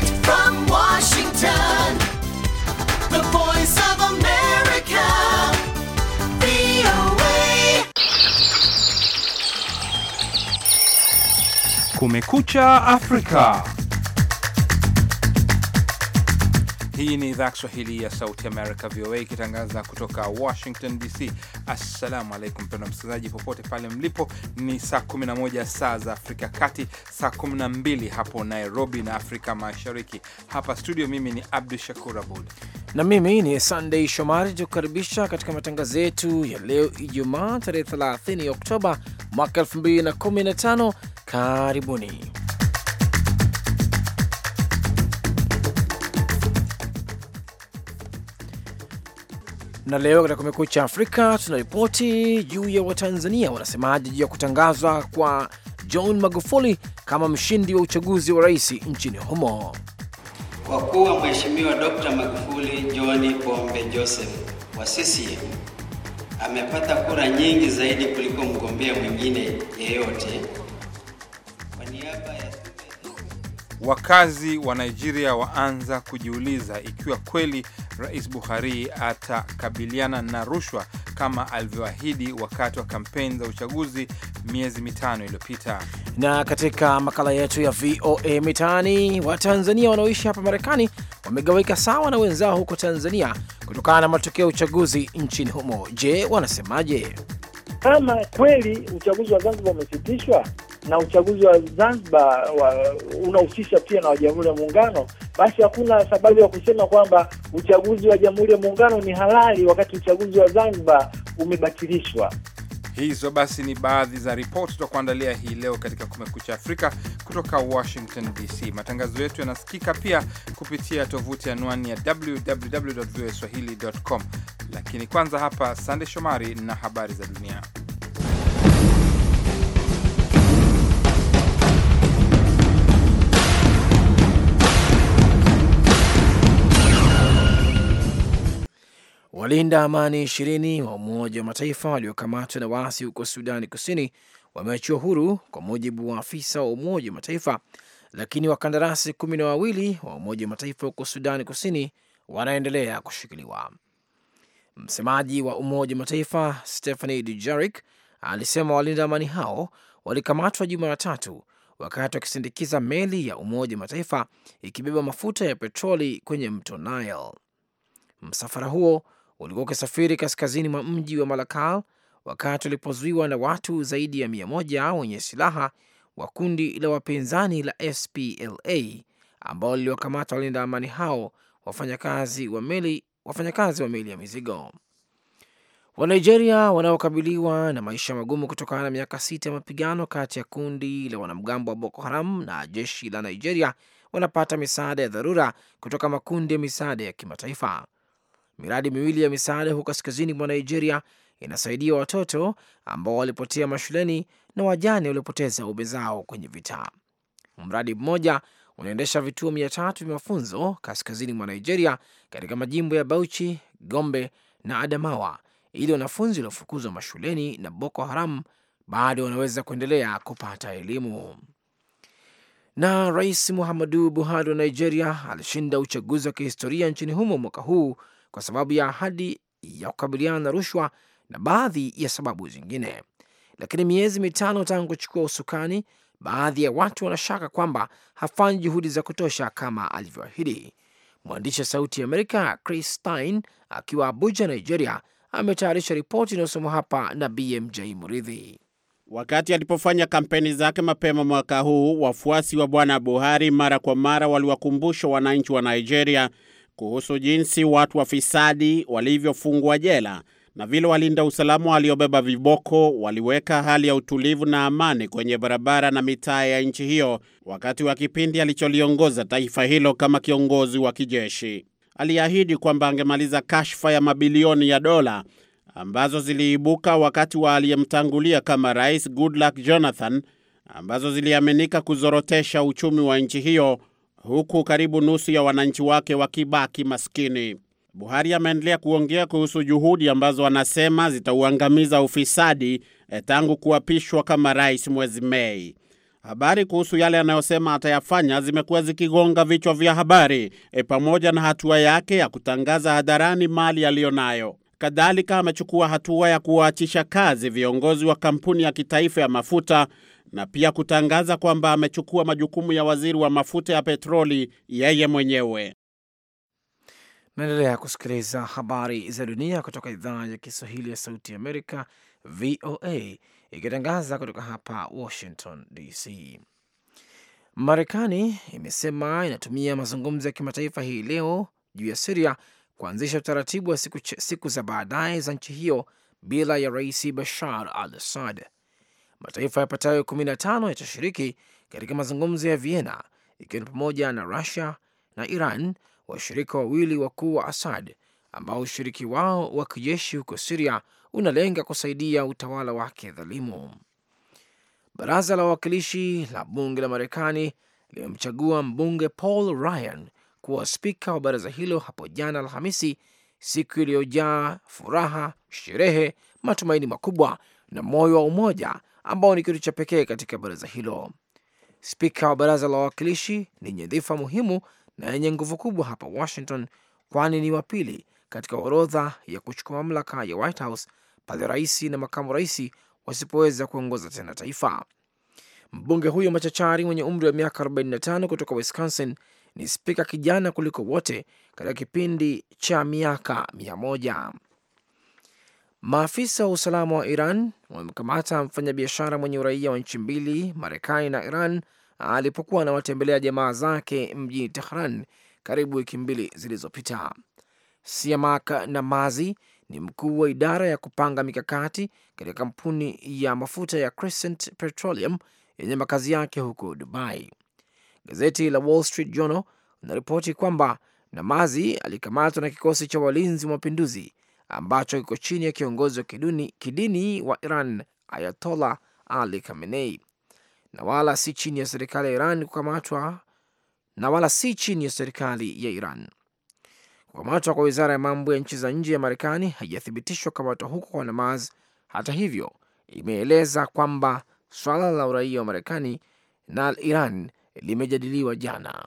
Direct from Washington, the voice of America, VOA. Kumekucha Afrika. Hii ni idhaa Kiswahili ya Sauti Amerika, VOA, ikitangaza kutoka Washington DC. Assalamu alaikum pendo msikilizaji, popote pale mlipo, ni saa 11 saa za Afrika kati, saa 12 hapo Nairobi na Afrika Mashariki. Hapa studio, mimi ni Abdu Shakur Abud na mimi ni Sunday Shomari, tukukaribisha katika matangazo yetu ya leo Ijumaa tarehe 30 Oktoba mwaka 2015. Karibuni. na leo katika Kumekucha Afrika tuna ripoti juu ya Watanzania wanasemaje juu ya kutangazwa kwa John Magufuli kama mshindi wa uchaguzi wa rais nchini humo. Kwa kuwa Mheshimiwa Dr. Magufuli John Pombe Joseph wa CCM amepata kura nyingi zaidi kuliko mgombea mwingine yeyote Wakazi wa Nigeria waanza kujiuliza ikiwa kweli Rais Buhari atakabiliana na rushwa kama alivyoahidi wakati wa kampeni za uchaguzi miezi mitano iliyopita. Na katika makala yetu ya VOA Mitaani, Watanzania wanaoishi hapa Marekani wamegawika sawa na wenzao huko Tanzania kutokana na matokeo ya uchaguzi nchini humo. Je, wanasemaje? Kama kweli uchaguzi wa Zanzibar umesitishwa na uchaguzi wa Zanzibar unahusisha pia na wa Jamhuri ya Muungano, basi hakuna sababu ya kusema kwamba uchaguzi wa Jamhuri ya Muungano ni halali wakati uchaguzi wa Zanzibar umebatilishwa. Hizo basi ni baadhi za ripoti za kuandalia hii leo katika Kumekucha Afrika kutoka Washington DC. Matangazo yetu yanasikika pia kupitia tovuti anwani ya www voa swahili.com. Lakini kwanza hapa, Sande Shomari na habari za dunia. Walinda amani ishirini wa Umoja wa Mataifa waliokamatwa na waasi huko Sudani Kusini wameachiwa huru kwa mujibu wa afisa wa Umoja wa Mataifa, lakini wakandarasi kumi na wawili wa Umoja wa Mataifa huko Sudani Kusini wanaendelea kushikiliwa. Msemaji wa Umoja wa Mataifa Stephanie Dujarik alisema walinda amani hao walikamatwa Jumatatu wakati wakisindikiza meli ya Umoja wa Mataifa ikibeba mafuta ya petroli kwenye mto Nile. Msafara huo ulikuwa ukisafiri kaskazini mwa mji wa Malakal wakati ulipozuiwa na watu zaidi ya mia moja wenye silaha wa kundi la wapinzani la SPLA ambao liliwakamata walinda amani hao wafanyakazi wa meli wafanyakazi wa meli ya mizigo wanigeria wanaokabiliwa na maisha magumu kutokana na miaka sita ya mapigano kati ya kundi la wanamgambo wa Boko Haram na jeshi la Nigeria wanapata misaada ya dharura kutoka makundi ya misaada ya kimataifa. Miradi miwili ya misaada huko kaskazini mwa Nigeria inasaidia watoto ambao walipotea mashuleni na wajane waliopoteza waume zao kwenye vita. Mradi mmoja unaendesha vituo mia tatu vya mafunzo kaskazini mwa Nigeria katika majimbo ya Bauchi, Gombe na Adamawa ili wanafunzi waliofukuzwa mashuleni na Boko Haram bado wanaweza kuendelea kupata elimu. Na Rais Muhammadu Buhari wa Nigeria alishinda uchaguzi wa kihistoria nchini humo mwaka huu kwa sababu ya ahadi ya kukabiliana na rushwa na baadhi ya sababu zingine. Lakini miezi mitano tangu kuchukua usukani, baadhi ya watu wanashaka kwamba hafanyi juhudi za kutosha kama alivyoahidi. Mwandishi wa Sauti ya Amerika Chris Stein akiwa Abuja, Nigeria, ametayarisha ripoti inayosomwa hapa na BMJ Muridhi. Wakati alipofanya kampeni zake mapema mwaka huu, wafuasi wa Bwana Buhari mara kwa mara waliwakumbusha wananchi wa Nigeria kuhusu jinsi watu wafisadi walivyofungwa jela na vile walinda usalama waliobeba viboko waliweka hali ya utulivu na amani kwenye barabara na mitaa ya nchi hiyo wakati wa kipindi alicholiongoza taifa hilo kama kiongozi wa kijeshi. Aliahidi kwamba angemaliza kashfa ya mabilioni ya dola ambazo ziliibuka wakati wa aliyemtangulia kama rais Goodluck Jonathan ambazo ziliaminika kuzorotesha uchumi wa nchi hiyo huku karibu nusu ya wananchi wake wakibaki maskini. Buhari ameendelea kuongea kuhusu juhudi ambazo anasema zitauangamiza ufisadi eh, tangu kuapishwa kama rais mwezi Mei. Habari kuhusu yale anayosema atayafanya zimekuwa zikigonga vichwa vya habari e, pamoja na hatua yake ya kutangaza hadharani mali aliyonayo. Kadhalika amechukua hatua ya kuwaachisha kazi viongozi wa kampuni ya kitaifa ya mafuta na pia kutangaza kwamba amechukua majukumu ya waziri wa mafuta ya petroli yeye mwenyewe. Naendelea kusikiliza habari za dunia kutoka idhaa ya Kiswahili ya Sauti Amerika, VOA, ikitangaza kutoka hapa Washington DC. Marekani imesema inatumia mazungumzo ya kimataifa hii leo juu ya Siria kuanzisha utaratibu wa siku, siku za baadaye za nchi hiyo bila ya Rais Bashar al Assad mataifa yapatayo 15 yatashiriki katika mazungumzo ya Vienna, ikiwa ni pamoja na Rusia na Iran, washirika wawili wakuu wa Assad ambao ushiriki wao wa kijeshi huko Siria unalenga kusaidia utawala wake dhalimu. Baraza la Wawakilishi la Bunge la Marekani limemchagua mbunge Paul Ryan kuwa spika wa baraza hilo hapo jana Alhamisi, siku iliyojaa furaha, sherehe, matumaini makubwa na moyo wa umoja ambao ni kitu cha pekee katika baraza hilo. Spika wa baraza la wawakilishi ni nyadhifa muhimu na yenye nguvu kubwa hapa Washington, kwani ni wa pili katika orodha ya kuchukua mamlaka ya White House pale rais na makamu rais wasipoweza kuongoza tena taifa. Mbunge huyo machachari mwenye umri wa miaka 45 kutoka Wisconsin ni spika kijana kuliko wote katika kipindi cha miaka mia moja. Maafisa wa usalama wa Iran wamekamata mfanyabiashara mwenye uraia wa nchi mbili Marekani na Iran alipokuwa anawatembelea jamaa zake mjini Tehran karibu wiki mbili zilizopita. Siamak Namazi ni mkuu wa idara ya kupanga mikakati katika kampuni ya mafuta ya Crescent Petroleum yenye makazi yake huko Dubai. Gazeti la Wall Street Journal linaripoti kwamba Namazi alikamatwa na kikosi cha walinzi wa mapinduzi ambacho kiko chini ya kiongozi wa kidini, kidini wa Iran Ayatollah Ali Khamenei, na wala si chini ya serikali ya Iran kukamatwa, na wala si chini ya serikali ya Iran. Kukamatwa kwa wizara ya mambo ya nchi za nje ya Marekani haijathibitishwa kukamatwa huko kwa Namaz. Hata hivyo, imeeleza kwamba swala la uraia wa Marekani na Iran limejadiliwa jana.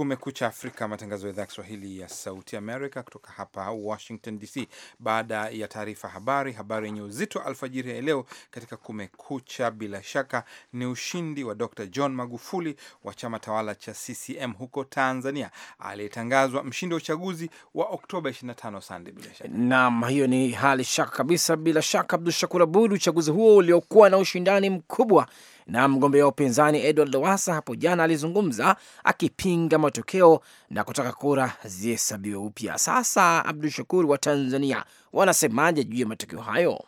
Kumekucha Afrika, matangazo ya idhaa ya Kiswahili ya Sauti Amerika kutoka hapa Washington DC. Baada ya taarifa habari, habari yenye uzito alfajiri ya leo katika Kumekucha bila shaka ni ushindi wa Dr John Magufuli wa chama tawala cha CCM huko Tanzania, aliyetangazwa mshindi wa uchaguzi wa Oktoba 25. Sande, bila shaka naam, hiyo ni hali shaka kabisa. Bila shaka, Abdu Shakur Abud, uchaguzi huo uliokuwa na ushindani mkubwa na mgombea wa upinzani Edward Lowasa hapo jana alizungumza akipinga matokeo na kutaka kura zihesabiwe upya. Sasa Abdu Shakur, wa Tanzania wanasemaje juu ya matokeo hayo?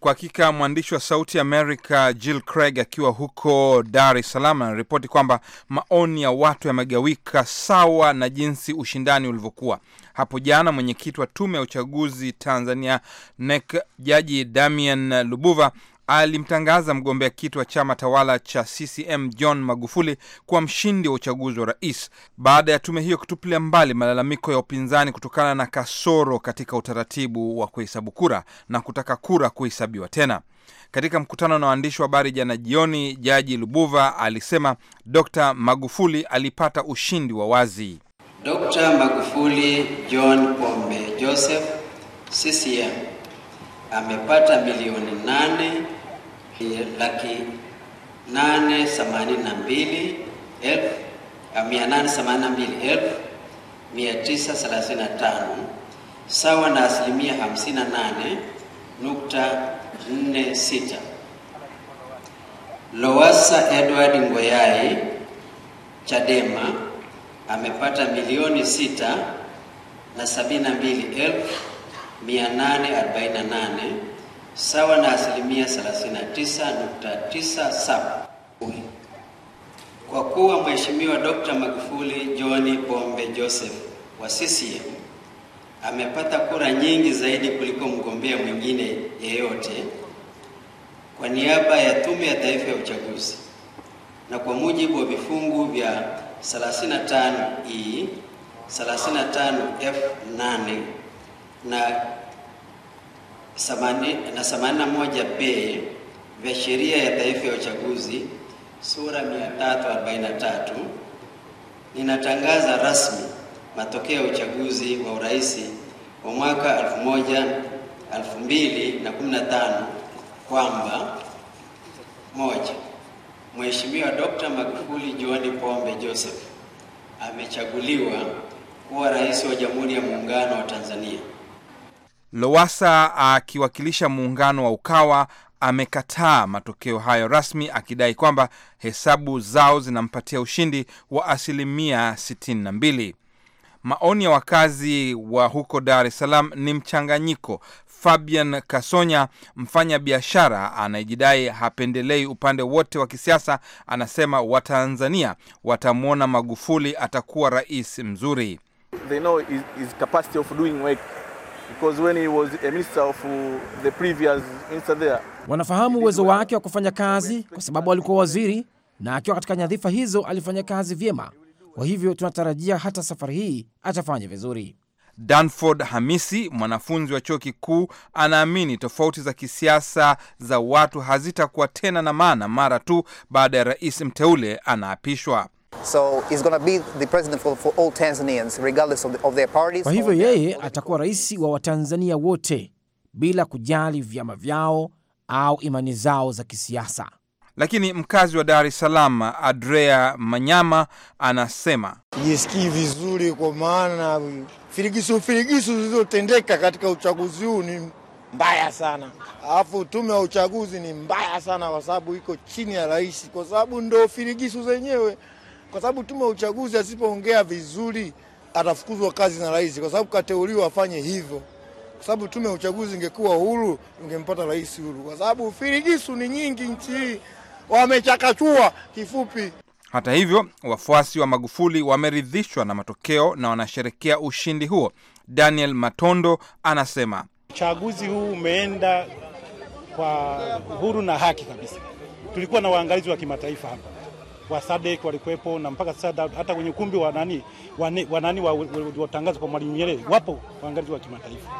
Kwa hakika mwandishi wa Sauti Amerika Jill Craig akiwa huko Dar es Salaam anaripoti kwamba maoni ya watu yamegawika sawa na jinsi ushindani ulivyokuwa hapo jana. Mwenyekiti wa Tume ya Uchaguzi Tanzania NEC Jaji Damian Lubuva alimtangaza mgombea kiti wa chama tawala cha CCM John Magufuli kuwa mshindi wa uchaguzi wa rais baada ya tume hiyo kutupilia mbali malalamiko ya upinzani kutokana na kasoro katika utaratibu wa kuhesabu kura na kutaka kura kuhesabiwa tena. Katika mkutano na waandishi wa habari jana jioni, Jaji Lubuva alisema Dr. Magufuli alipata ushindi wa wazi. Dr. Magufuli John Pombe Joseph CCM amepata milioni nane laki nane themanini na mbili elfu ah, mia nane themanini na mbili elfu mia tisa thelathini na tano sawa na asilimia hamsini na nane nukta nne sita. Lowassa Edward Ngoyai Chadema amepata milioni sita na sabini na mbili elfu mia nane arobaini na nane sawa na asilimia 39.97. Kwa kuwa Mheshimiwa Dr. Magufuli John Pombe Joseph wa CCM amepata kura nyingi zaidi kuliko mgombea mwingine yeyote, kwa niaba ya Tume ya Taifa ya Uchaguzi na kwa mujibu wa vifungu vya 35E 35F8 na na 81b vya sheria ya taifa ya uchaguzi sura 343 ninatangaza rasmi matokeo ya uchaguzi wa urais wa mwaka 2015 kwamba: moja, Mheshimiwa Dr. Magufuli John Pombe Joseph amechaguliwa kuwa rais wa Jamhuri ya Muungano wa Tanzania. Lowasa akiwakilisha muungano wa Ukawa amekataa matokeo hayo rasmi akidai kwamba hesabu zao zinampatia ushindi wa asilimia 62. Maoni ya wakazi wa huko Dar es Salaam ni mchanganyiko. Fabian Kasonya, mfanya biashara anayejidai hapendelei upande wote wa kisiasa, anasema Watanzania watamwona Magufuli atakuwa rais mzuri. They know his capacity of doing work because when he was a minister of uh, the previous minister there. Wanafahamu uwezo wake wa kufanya kazi kwa sababu alikuwa waziri na akiwa katika nyadhifa hizo alifanya kazi vyema. Kwa hivyo tunatarajia hata safari hii atafanya vizuri. Danford Hamisi, mwanafunzi wa chuo kikuu, anaamini tofauti za kisiasa za watu hazitakuwa tena na maana mara tu baada ya rais mteule anaapishwa. So he's gonna be the president for, for all Tanzanians regardless of, the, of their parties. Kwa hivyo yeye atakuwa rais wa Watanzania wote bila kujali vyama vyao au imani zao za kisiasa. Lakini mkazi wa Dar es Salaam Andrea Manyama anasema jisikii vizuri, kwa maana firigisu firigisu zilizotendeka katika uchaguzi huu ni mbaya sana, alafu tume ya uchaguzi ni mbaya sana, kwa sababu iko chini ya rais, kwa sababu ndo firigisu zenyewe kwa sababu tume ya uchaguzi asipoongea vizuri atafukuzwa kazi na rais, kwa sababu kateuliwa afanye hivyo. Kwa sababu tume ya uchaguzi ingekuwa huru, ungempata rais huru, kwa sababu firigisu ni nyingi nchi hii, wamechakachua kifupi. Hata hivyo, wafuasi wa Magufuli wameridhishwa na matokeo na wanasherekea ushindi huo. Daniel Matondo anasema uchaguzi huu umeenda kwa uhuru na haki kabisa. Tulikuwa na waangalizi wa kimataifa hapa wa SADC walikuwepo na mpaka sasa hata kwenye ukumbi wa nani wa nani watangaza kwa Mwalimu Nyerere wapo waangalizi wa kimataifa,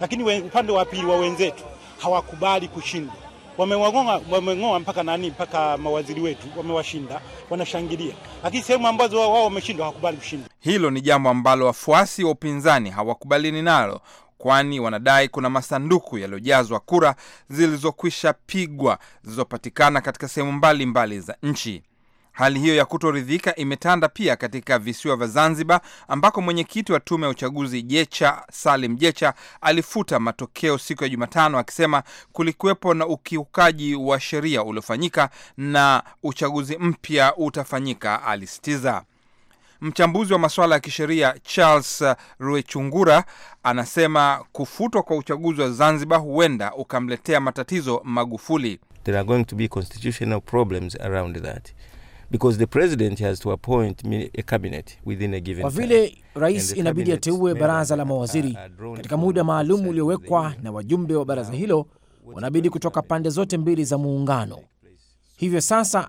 lakini upande wa pili wa wenzetu hawakubali kushindwa. Wamewang'oa wameng'oa mpaka nani mpaka mawaziri wetu wamewashinda, wanashangilia, lakini sehemu ambazo wao wameshindwa hawakubali kushindwa. Hilo ni jambo ambalo wafuasi wa upinzani hawakubalini nalo kwani wanadai kuna masanduku yaliyojazwa kura zilizokwisha pigwa zilizopatikana katika sehemu mbalimbali za nchi. Hali hiyo ya kutoridhika imetanda pia katika visiwa vya Zanzibar, ambako mwenyekiti wa tume ya uchaguzi Jecha Salim Jecha alifuta matokeo siku ya Jumatano akisema kulikuwepo na ukiukaji wa sheria uliofanyika na uchaguzi mpya utafanyika, alisitiza. Mchambuzi wa masuala ya kisheria Charles Ruechungura anasema kufutwa kwa uchaguzi wa Zanzibar huenda ukamletea matatizo Magufuli. There are going to be constitutional problems around that because the president has to appoint a cabinet within a given. Kwa vile rais inabidi ateue baraza la mawaziri katika muda maalum uliowekwa, na wajumbe wa baraza hilo wanabidi kutoka pande zote mbili za muungano. Hivyo sasa,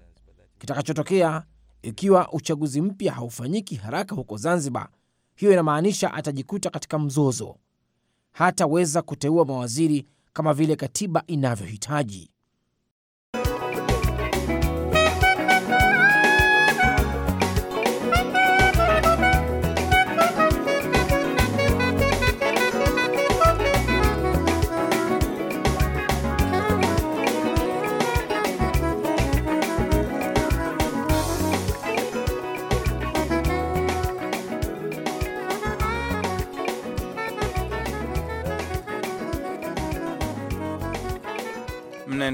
kitakachotokea ikiwa uchaguzi mpya haufanyiki haraka huko Zanzibar, hiyo inamaanisha atajikuta katika mzozo, hataweza kuteua mawaziri kama vile katiba inavyohitaji.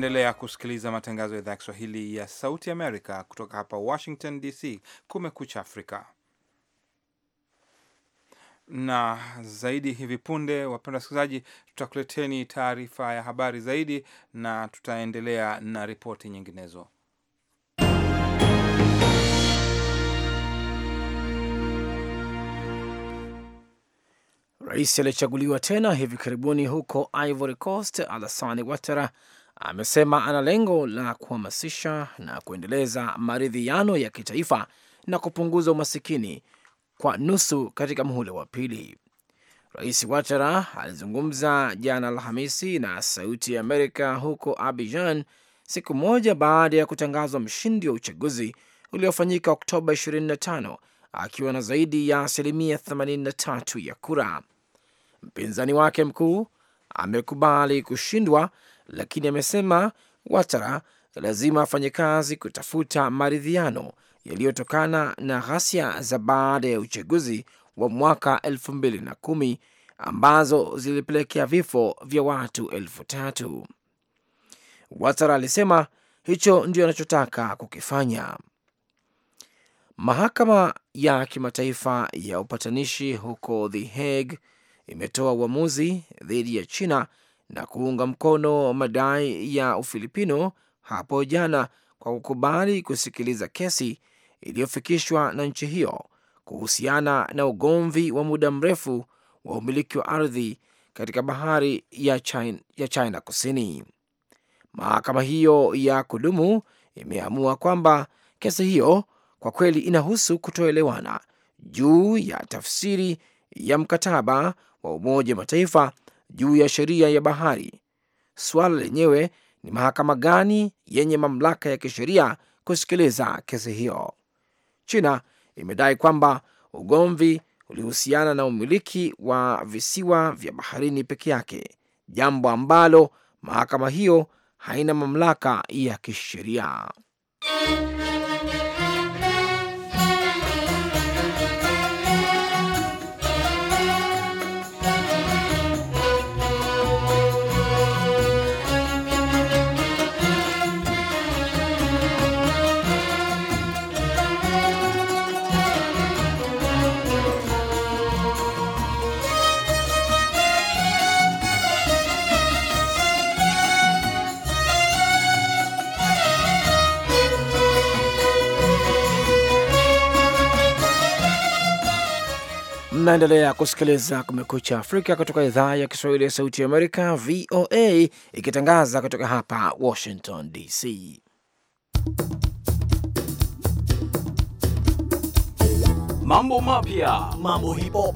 Unaendelea kusikiliza matangazo ya idhaa ya Kiswahili ya Sauti Amerika kutoka hapa Washington DC. Kumekucha Afrika na zaidi hivi punde, wapenda wasikilizaji, tutakuleteni taarifa ya habari zaidi na tutaendelea na ripoti nyinginezo. Rais aliyechaguliwa tena hivi karibuni huko Ivory Coast Alassane Ouattara amesema ana lengo la kuhamasisha na kuendeleza maridhiano ya kitaifa na kupunguza umasikini kwa nusu katika muhula wa pili. Rais Watara alizungumza jana Alhamisi na Sauti ya Amerika huko Abidjan, siku moja baada ya kutangazwa mshindi wa uchaguzi uliofanyika Oktoba 25 akiwa na zaidi ya asilimia 83 ya kura. Mpinzani wake mkuu amekubali kushindwa lakini amesema Watara lazima afanye kazi kutafuta maridhiano yaliyotokana na ghasia za baada ya uchaguzi wa mwaka elfu mbili na kumi ambazo zilipelekea vifo vya watu elfu tatu. Watara alisema hicho ndio anachotaka kukifanya. Mahakama ya kimataifa ya upatanishi huko The Hague imetoa uamuzi dhidi ya China na kuunga mkono madai ya Ufilipino hapo jana kwa kukubali kusikiliza kesi iliyofikishwa na nchi hiyo kuhusiana na ugomvi wa muda mrefu wa umiliki wa ardhi katika bahari ya China, ya China Kusini. Mahakama hiyo ya kudumu imeamua kwamba kesi hiyo kwa kweli inahusu kutoelewana juu ya tafsiri ya mkataba wa Umoja wa Mataifa juu ya sheria ya bahari. Suala lenyewe ni mahakama gani yenye mamlaka ya kisheria kusikiliza kesi hiyo. China imedai kwamba ugomvi ulihusiana na umiliki wa visiwa vya baharini peke yake, jambo ambalo mahakama hiyo haina mamlaka ya kisheria. Unaendelea kusikiliza Kumekucha Afrika kutoka idhaa ya Kiswahili ya Sauti ya Amerika, VOA, ikitangaza kutoka hapa Washington DC. Mambo mapya, mambo hip hop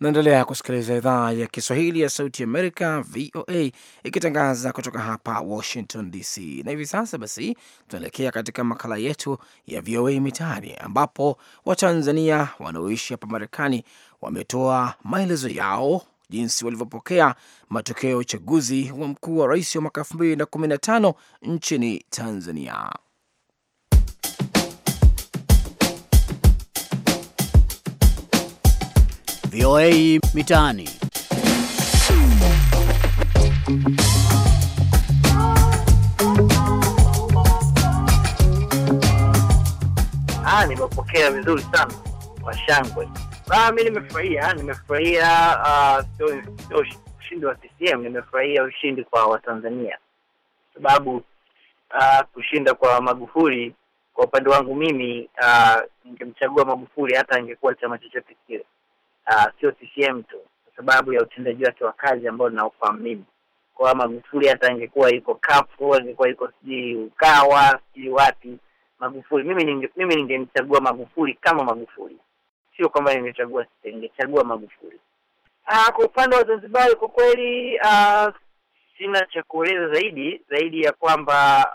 Naendelea kusikiliza idhaa ya Kiswahili ya Sauti Amerika, VOA, ikitangaza kutoka hapa Washington DC. Na hivi sasa basi, tunaelekea katika makala yetu ya VOA Mitaani, ambapo Watanzania wanaoishi hapa Marekani wametoa maelezo yao jinsi walivyopokea matokeo ya uchaguzi wa mkuu wa rais wa mwaka 2015 nchini Tanzania. VOA Mitaani. Ah, nimepokea vizuri sana kwa shangwe. Ah, mi nimefurahia, nimefurahia ah, sio ushindi wa CCM, nimefurahia ushindi kwa Watanzania sababu uh, kushinda kwa Magufuli kwa upande wangu mimi, uh, Magufuli hata angekuwa chama chochote kile. Ah, sio CCM tu, kwa sababu ya utendaji wake wa kazi ambao ninaofahamu mimi. Kwa Magufuli hata angekuwa yuko kafu, angekuwa yuko sijui ukawa sijui wapi, Magufuli mimi ninge, mimi ningemchagua Magufuli kama Magufuli, sio kwamba ningechagua ningechagua Magufuli. Ah, kwa upande wa Zanzibar kwa kweli ah, sina cha kueleza zaidi zaidi ya kwamba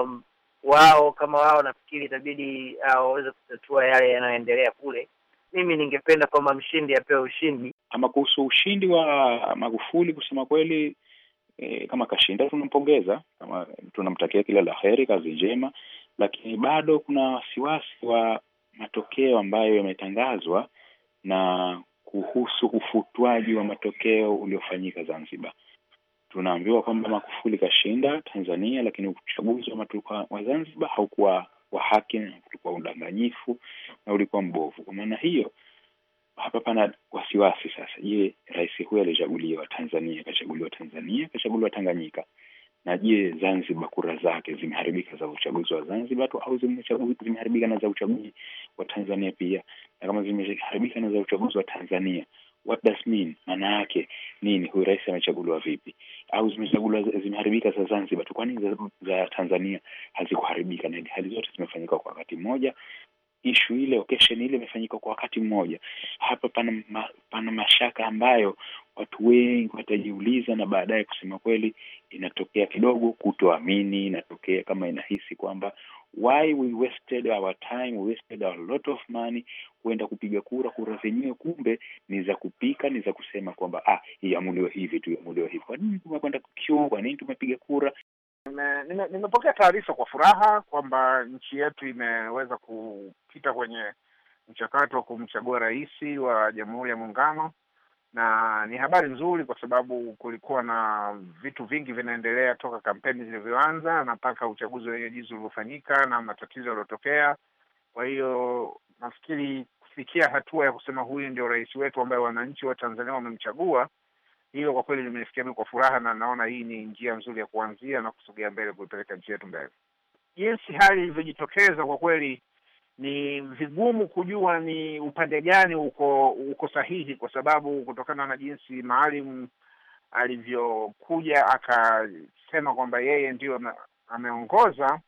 um, wao kama wao nafikiri itabidi waweze kutatua yale yanayoendelea kule mimi ningependa kwamba mshindi apewe ushindi. Ama kuhusu ushindi wa Magufuli, kusema kweli e, kama kashinda tunampongeza, kama tunamtakia kila la heri, kazi njema, lakini bado kuna wasiwasi wa matokeo ambayo yametangazwa na kuhusu ufutwaji wa matokeo uliofanyika Zanzibar. Tunaambiwa kwamba Magufuli kashinda Tanzania, lakini uchaguzi wa, wa Zanzibar haukuwa wa haki, kulikuwa udanganyifu na ulikuwa mbovu. Kwa maana hiyo hapa pana wasiwasi sasa. Je, rais huyo alichaguliwa Tanzania, akachaguliwa Tanzania, akachaguliwa Tanganyika, na je, Zanzibar kura zake zimeharibika za uchaguzi wa Zanzibar tu au zimeharibika na za uchaguzi wa Tanzania pia? Na kama zimeharibika na za uchaguzi wa Tanzania, what does mean, maana yake nini? Huyu rais amechaguliwa vipi? Au zimechaguliwa zimeharibika za Zanzibar tu, kwanini za, za Tanzania hazikuharibika? Na hali zote zimefanyika kwa wakati mmoja ishu ile okeshen ile imefanyika kwa wakati mmoja. Hapa pana, ma, pana mashaka ambayo watu wengi watajiuliza, na baadaye kusema kweli, inatokea kidogo kutoamini, inatokea kama inahisi kwamba why we wasted our time, we wasted our lot of money kwenda kupiga kura. Kura zenyewe kumbe ni za kupika, ni za kusema kwamba ah, iamuliwe hivi tu, iamuliwe hivi. Kwa nini tumekwenda queue? Kwa nini tumepiga kura? Nimepokea taarifa kwa furaha kwamba nchi yetu imeweza kupita kwenye mchakato wa kumchagua rais wa Jamhuri ya Muungano na ni habari nzuri kwa sababu kulikuwa na vitu vingi vinaendelea toka kampeni zilivyoanza na mpaka uchaguzi wenyewe jinsi ulivyofanyika na matatizo yaliyotokea. Kwa hiyo nafikiri kufikia hatua ya kusema huyu ndio rais wetu ambaye wananchi wa Tanzania wamemchagua, hilo kwa kweli limenifikia mimi kwa furaha, na naona hii ni njia nzuri ya kuanzia na kusogea mbele, kuipeleka nchi yetu mbele. Jinsi hali ilivyojitokeza kwa kweli ni vigumu kujua ni upande gani uko uko sahihi, kwa sababu kutokana na jinsi Maalim alivyokuja akasema kwamba yeye ndiyo ameongoza,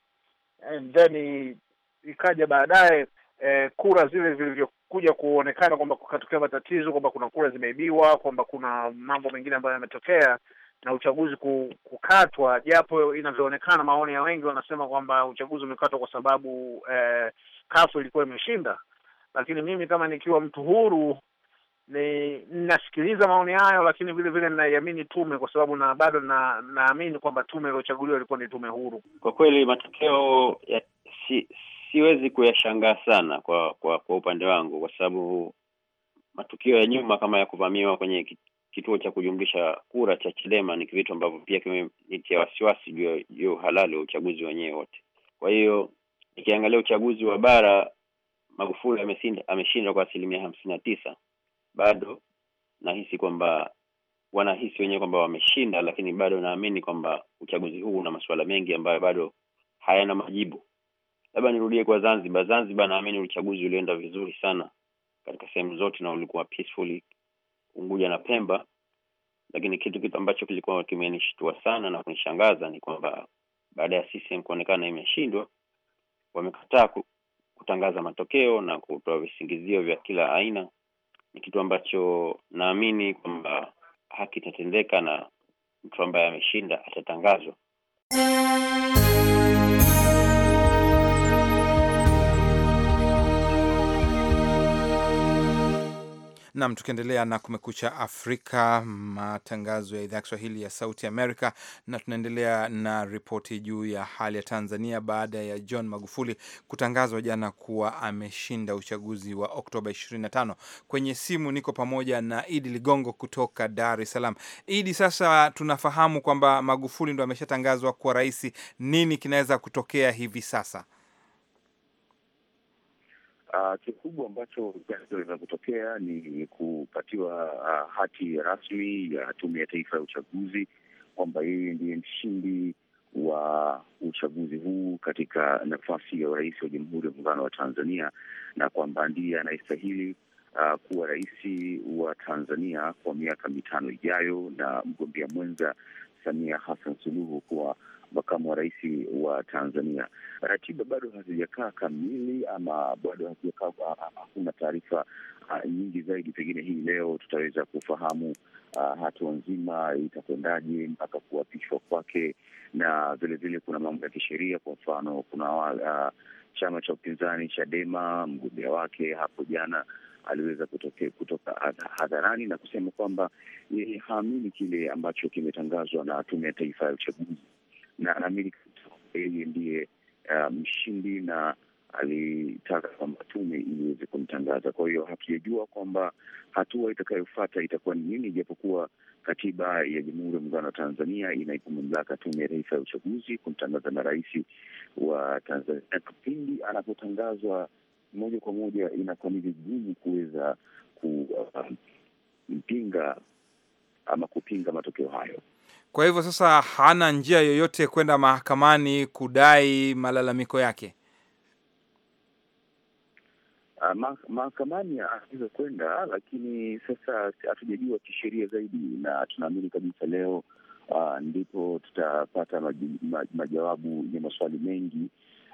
then ikaja baadaye eh, kura zile zilivyokuja kuonekana kwamba kukatokea matatizo, kwamba kuna kura zimeibiwa, kwamba kuna mambo mengine ambayo yametokea na uchaguzi kukatwa, japo inavyoonekana maoni ya wengi wanasema kwamba uchaguzi umekatwa kwa sababu eh, kafu ilikuwa imeshinda. Lakini mimi kama nikiwa mtu huru ni ninasikiliza maoni hayo, lakini vile vile ninaiamini tume kwa sababu na bado na naamini kwamba tume iliyochaguliwa ilikuwa ni tume huru. Kwa kweli matokeo ya si, siwezi kuyashangaa sana kwa, kwa kwa upande wangu kwa sababu matukio ya nyuma kama ya kuvamiwa kwenye kituo cha kujumlisha kura cha Chadema ni vitu ambavyo pia kimetia wasiwasi juu ya uhalali wa uchaguzi wenyewe wote. Kwa hiyo nikiangalia uchaguzi wa bara, Magufuli ameshinda kwa asilimia hamsini na tisa, bado nahisi kwamba wanahisi wenyewe kwamba wameshinda, lakini bado naamini kwamba uchaguzi huu una masuala mengi ambayo bado hayana majibu. Labda nirudie kwa Zanzibar. Zanzibar naamini uchaguzi ulienda vizuri sana katika sehemu zote na ulikuwa peacefully Unguja na Pemba, lakini kitu kitu ambacho kilikuwa kimenishtua sana na kunishangaza ni kwamba baada ya CCM kuonekana imeshindwa, wamekataa kutangaza matokeo na kutoa visingizio vya kila aina. Ni kitu ambacho naamini kwamba haki itatendeka na mtu ambaye ameshinda atatangazwa. Nam, tukiendelea na Kumekucha Afrika, matangazo ya idhaa ya Kiswahili ya Sauti Amerika, na tunaendelea na ripoti juu ya hali ya Tanzania baada ya John Magufuli kutangazwa jana kuwa ameshinda uchaguzi wa Oktoba 25. Kwenye simu niko pamoja na Idi Ligongo kutoka Dar es Salaam. Idi, sasa tunafahamu kwamba Magufuli ndo ameshatangazwa kuwa rais, nini kinaweza kutokea hivi sasa? Uh, kikubwa ambacho jambo linavyotokea ni kupatiwa uh, hati rasmi ya Tume ya Taifa ya Uchaguzi kwamba yeye ndiye mshindi wa uchaguzi huu katika nafasi ya urais wa Jamhuri ya Muungano wa Tanzania na kwamba ndiye anayestahili uh, kuwa rais wa Tanzania kwa miaka mitano ijayo na mgombea mwenza Samia Hassan Suluhu kuwa makamu wa rais wa Tanzania. Ratiba bado hazijakaa kamili, ama bado hazijakaa, hakuna taarifa ah, nyingi zaidi. Pengine hii leo tutaweza kufahamu ah, hatua nzima itakwendaje mpaka kuapishwa kwake, na vilevile kuna mambo ya kisheria. Kwa mfano, kuna ah, chama cha upinzani Chadema, mgombea wake hapo jana aliweza kutoke, kutoka hadharani na kusema kwamba yeye haamini kile ambacho kimetangazwa na Tume ya Taifa ya Uchaguzi na naamini yeye ndiye uh, mshindi na alitaka kwamba tume iweze kumtangaza. Kwa hiyo hatujajua kwamba hatua itakayofata itakuwa ni nini, ijapokuwa katiba ya Jamhuri ya Muungano wa Tanzania inaipa mamlaka Tume ya Taifa ya Uchaguzi kumtangaza na rais wa Tanzania. kipindi anapotangazwa moja kwa moja, inakuwa ni vigumu kuweza kumpinga uh, ama kupinga matokeo hayo. Kwa hivyo sasa hana njia yoyote kwenda mahakamani kudai malalamiko yake. Ah, mahakamani anaweza kwenda, lakini sasa hatujajua kisheria zaidi, na tunaamini kabisa leo uh, ndipo tutapata majawabu ya maswali mengi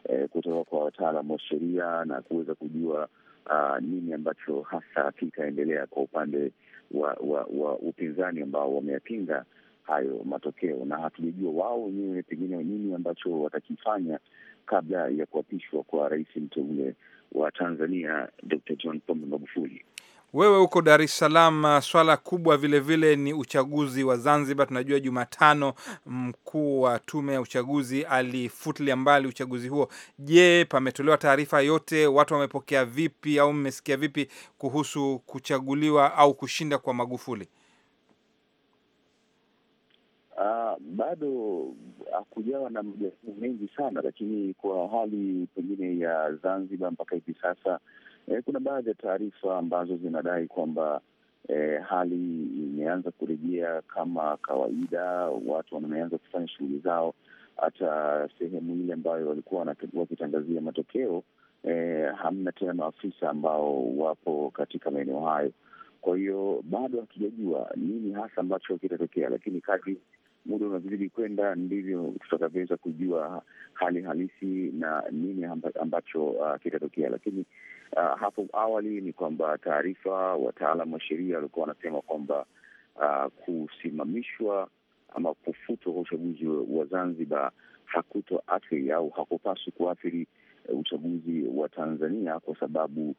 eh, kutoka kwa wataalam wa sheria na kuweza kujua uh, nini ambacho hasa kitaendelea kwa upande wa, wa, wa upinzani ambao wameyapinga hayo matokeo, na hatujajua wao wenyewe pengine nini ambacho watakifanya kabla ya kuapishwa kwa rais mteule wa Tanzania Dr. John Pombe Magufuli. Wewe huko Dar es Salaam, swala kubwa vilevile vile ni uchaguzi wa Zanzibar. Tunajua Jumatano mkuu wa tume ya uchaguzi alifutilia mbali uchaguzi huo. Je, pametolewa taarifa yote? Watu wamepokea vipi au mmesikia vipi kuhusu kuchaguliwa au kushinda kwa Magufuli? bado hakujawa na majaribu mengi sana, lakini kwa hali pengine ya Zanzibar mpaka hivi sasa eh, kuna baadhi ya taarifa ambazo zinadai kwamba eh, hali imeanza kurejea kama kawaida, watu wameanza kufanya shughuli zao hata sehemu ile ambayo walikuwa wakitangazia matokeo eh, hamna tena maafisa ambao wapo katika maeneo hayo. Kwa hiyo bado hatujajua nini hasa ambacho kitatokea, lakini kadri muda unavyozidi kwenda ndivyo tutakavyoweza kujua hali halisi na nini ambacho uh, kitatokea. Lakini uh, hapo awali ni kwamba taarifa, wataalam wa sheria walikuwa wanasema kwamba uh, kusimamishwa ama kufutwa kwa uchaguzi wa Zanzibar hakutoathiri au hakupaswi kuathiri uh, uchaguzi wa Tanzania kwa sababu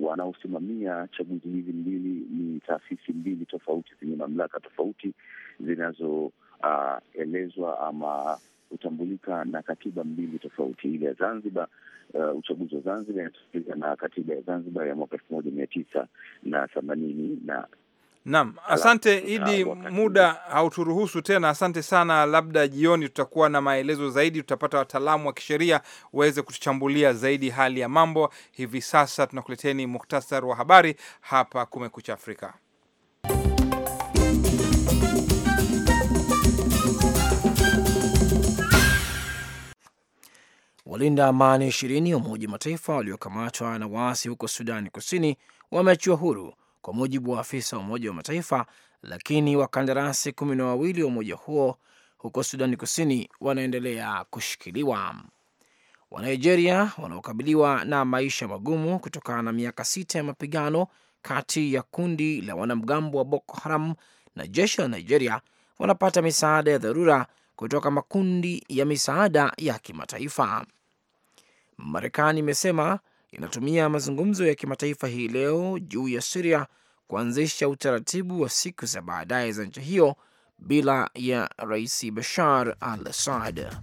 wanaosimamia chaguzi hizi mbili ni taasisi mbili tofauti zenye mamlaka tofauti zinazo uh, elezwa ama hutambulika na katiba mbili tofauti, ile ya Zanzibar uh, uchaguzi wa Zanzibar inatambulika na katiba ya Zanzibar ya mwaka elfu moja mia tisa na themanini na Naam, asante Idi, muda hauturuhusu tena. Asante sana, labda jioni tutakuwa na maelezo zaidi, tutapata wataalamu wa kisheria waweze kutuchambulia zaidi hali ya mambo. Hivi sasa tunakuleteni muhtasari wa habari hapa Kumekucha Afrika. Walinda amani ishirini wa Umoja Mataifa waliokamatwa na waasi huko Sudani Kusini wameachiwa huru kwa mujibu wa afisa wa Umoja wa Mataifa, lakini wakandarasi kumi na wawili wa umoja huo huko Sudani Kusini wanaendelea kushikiliwa. Wanigeria wanaokabiliwa na maisha magumu kutokana na miaka sita ya mapigano kati ya kundi la wanamgambo wa Boko Haram na jeshi la Nigeria wanapata misaada ya dharura kutoka makundi ya misaada ya kimataifa. Marekani imesema inatumia mazungumzo ya kimataifa hii leo juu ya Siria kuanzisha utaratibu wa siku za baadaye za nchi hiyo bila ya Rais Bashar al-Assad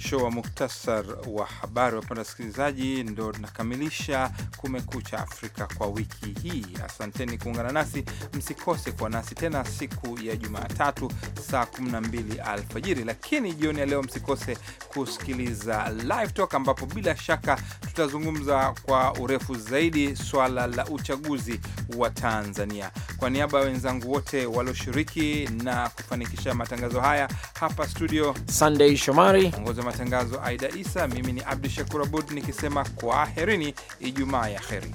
mwisho wa muktasar wa habari. Wapenda wasikilizaji, ndo tunakamilisha Kumekucha Afrika kwa wiki hii. Asanteni kuungana nasi, msikose kwa nasi tena siku ya Jumatatu saa 12 alfajiri, lakini jioni ya leo msikose kusikiliza Live Talk ambapo bila shaka tutazungumza kwa urefu zaidi swala la uchaguzi wa Tanzania. Kwa niaba ya wenzangu wote walioshiriki na kufanikisha matangazo haya hapa studio, Sunday Shomari matangazo Aida Isa. Mimi ni Abdu Shakur Abud nikisema kwaherini, Ijumaa ya heri.